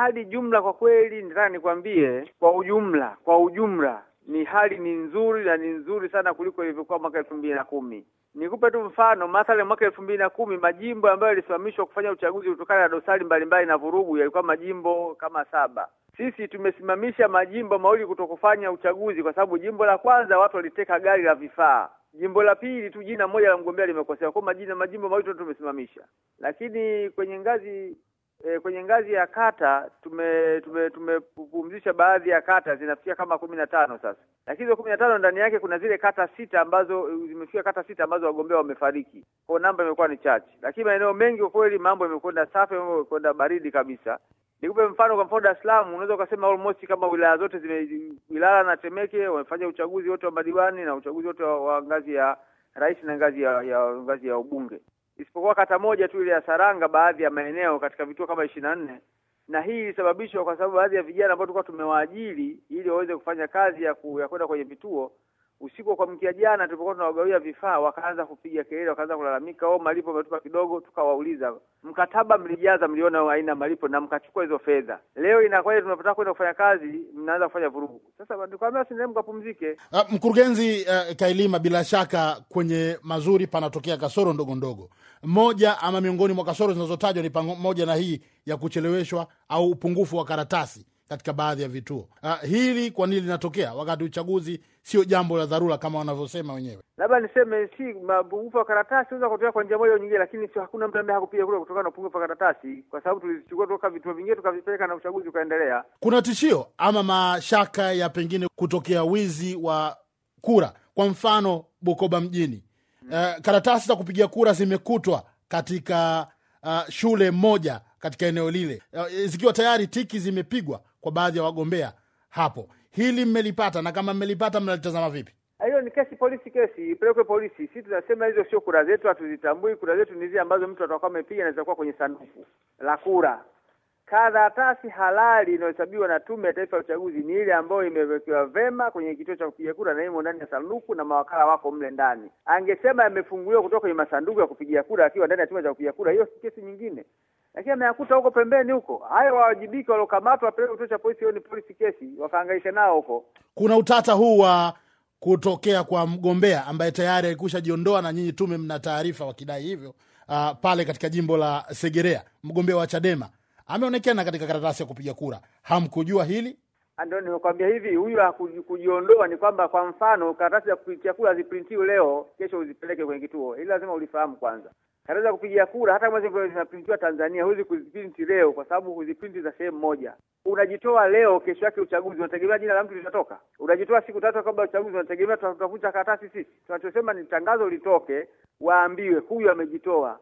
hali jumla kwa kweli nitaka nikwambie, kwa ujumla, kwa ujumla ni hali ni nzuri na ni nzuri sana kuliko ilivyokuwa mwaka elfu mbili na kumi. Nikupe tu mfano mathalan, mwaka elfu mbili na kumi majimbo ambayo yalisimamishwa kufanya uchaguzi kutokana na dosari mbalimbali na vurugu yalikuwa majimbo kama saba. Sisi tumesimamisha majimbo mawili kutokufanya uchaguzi kwa sababu jimbo la kwanza watu waliteka gari la vifaa jimbo la pili tu jina moja la mgombea limekosewa, kwa majina majimbo mawili tumesimamisha, lakini kwenye ngazi E, kwenye ngazi ya kata tume tumepumzisha tume baadhi ya kata zinafikia kama kumi na tano sasa, lakini hizo kumi na tano ndani yake kuna zile kata sita ambazo zimefikia kata sita ambazo wagombea wamefariki, kwa namba imekuwa ni chache, lakini maeneo mengi kwa kweli mambo yamekwenda safi, mambo yamekwenda baridi kabisa. Nikupe mfano, kwa mfano Dar es Salaam unaweza ukasema almost kama wilaya zote zime wilaya na Temeke wamefanya uchaguzi wote wa madiwani na uchaguzi wote wa, wa ngazi ya rais na ngazi ya, ya ngazi ya ubunge isipokuwa kata moja tu ile ya Saranga, baadhi ya maeneo katika vituo kama ishirini na nne na hii ilisababishwa kwa sababu baadhi ya vijana ambao tulikuwa tumewaajiri ili waweze kufanya kazi ya, ya kwenda kwenye vituo usiku kwa mkia jana tulipokuwa tunawagawia vifaa, wakaanza kupiga kelele, wakaanza kulalamika, oh, malipo ametupa kidogo. Tukawauliza, mkataba mlijaza, mliona aina malipo na mkachukua hizo fedha, leo inakuwaje? Tunapotaka kwenda kufanya kazi mnaanza kufanya vurugu. Sasa nikwambia, si mkapumzike. Uh, mkurugenzi uh, Kailima, bila shaka kwenye mazuri panatokea kasoro ndogo ndogo. Moja ama miongoni mwa kasoro zinazotajwa ni pamoja na hii ya kucheleweshwa au upungufu wa karatasi katika baadhi ya vituo. Uh, hili kwa nini linatokea wakati uchaguzi sio jambo la dharura kama wanavyosema wenyewe? Labda niseme si mapungufu wa karatasi unaweza kutokea kwa njia moja au nyingine, lakini sio hakuna mtu ambaye hakupiga kura kutokana na upungufu wa karatasi, kwa sababu tulizichukua toka vituo vingine tukavipeleka na uchaguzi ukaendelea. Kuna tishio ama mashaka ya pengine kutokea wizi wa kura, kwa mfano Bukoba mjini, uh, karatasi za kupigia kura zimekutwa katika uh, shule moja katika eneo lile, uh, zikiwa tayari tiki zimepigwa kwa baadhi ya wagombea hapo. Hili mmelipata, na kama mmelipata mnalitazama vipi? Ah, hiyo ni kesi polisi, kesi ipelekwe polisi. Sisi tunasema hizo sio kura zetu, hatuzitambui. Kura zetu ni zile ambazo mtu atakuwa amepiga na kuwa kwenye sanduku la kura. Karatasi halali inayohesabiwa na Tume ya Taifa ya Uchaguzi ni ile ambayo imewekewa vema kwenye kituo cha kupiga kura na imo ndani ya sanduku na mawakala wako mle ndani. Angesema yamefunguliwa kutoka kwenye masanduku ya kupigia kura akiwa ndani ya chumba cha kupiga kura, hiyo si kesi nyingine lakini ameyakuta huko pembeni huko. Hayo wawajibiki, waliokamatwa wapeleke kituo cha polisi, hiyo ni polisi kesi, wakaangaisha nao huko. Kuna utata huu wa kutokea kwa mgombea ambaye tayari alikusha jiondoa, na nyinyi tume mna taarifa wakidai hivyo. Uh, pale katika jimbo la Segerea mgombea wa Chadema ameonekana katika karatasi ya kupiga kura. Hamkujua hili? Ah, ndio nimekwambia hivi, huyu hakujiondoa. Ni kwamba kwa mfano karatasi za kupigia kura ziprintiwe leo, kesho uzipeleke kwenye kituo, ili lazima ulifahamu kwanza. Karatasi kupigia kura hata kama zinaprintiwa Tanzania huwezi kuziprinti leo, kwa sababu huziprinti za sehemu moja. Unajitoa leo, kesho yake uchaguzi, unategemea jina la mtu litatoka? Unajitoa siku tatu kabla uchaguzi, unategemea tutakuta karatasi? Sisi tunachosema ni tangazo litoke, waambiwe huyu amejitoa.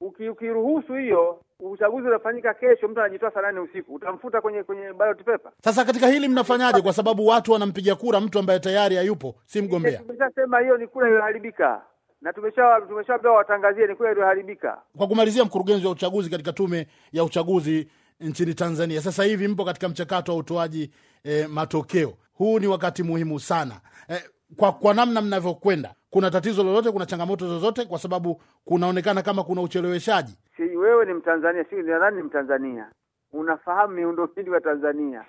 Ukiruhusu hiyo uchaguzi unafanyika kesho, mtu anajitoa saa nane usiku, utamfuta kwenye kwenye ballot paper. Sasa katika hili mnafanyaje? Kwa sababu watu wanampiga kura mtu ambaye tayari hayupo, si mgombea. Tumeshasema hiyo ni kura iliyoharibika na tumesha tumeshapewa watangazie ni kweli iliharibika. Kwa kumalizia, mkurugenzi wa uchaguzi katika tume ya uchaguzi nchini Tanzania, sasa hivi mpo katika mchakato wa utoaji e, matokeo. Huu ni wakati muhimu sana e, kwa kwa namna mnavyokwenda, kuna tatizo lolote? Kuna changamoto zozote? Kwa sababu kunaonekana kama kuna ucheleweshaji. Si wewe ni Mtanzania? Si nani ni Mtanzania? Unafahamu miundombinu ya Tanzania,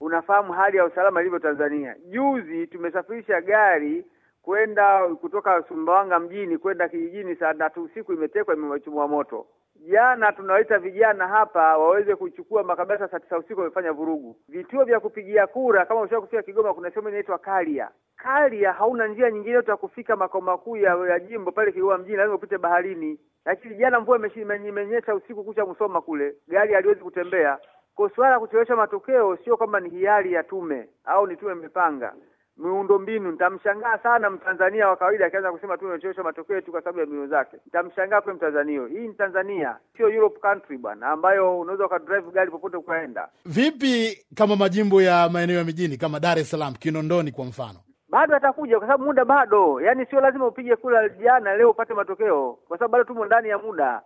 unafahamu hali ya usalama ilivyo Tanzania. Juzi tumesafirisha gari kwenda kutoka Sumbawanga mjini kwenda kijijini saa tatu usiku imetekwa, imewachumua moto. Jana tunawaita vijana hapa waweze kuchukua makabasa saa tisa usiku, wamefanya vurugu. Vituo vya kupigia kura, kama usha kufika Kigoma, kuna sehemu inaitwa Kalia. Kalia hauna njia nyingine yote ya kufika makao makuu ya jimbo pale Kigoma mjini, lazima upite baharini, lakini jana mvua imenyesha usiku kucha Musoma kule, gari haliwezi kutembea. Kwa suala ya kuchelewesha matokeo, sio kwamba ni hiari ya tume au ni tume imepanga miundombinu. Nitamshangaa sana Mtanzania wa kawaida akianza kusema tu tunachelewesha matokeo yetu kwa sababu ya mbinu zake. Nitamshangaa kwe Mtanzania. Hii ni Tanzania, sio Europe country bwana, ambayo unaweza ukadrive gari popote ukaenda. Vipi kama majimbo ya maeneo ya mijini kama Dar es Salaam, Kinondoni kwa mfano? bado atakuja kwa sababu muda bado, yaani sio lazima upige kula jana leo upate matokeo, kwa sababu bado tumo ndani ya muda.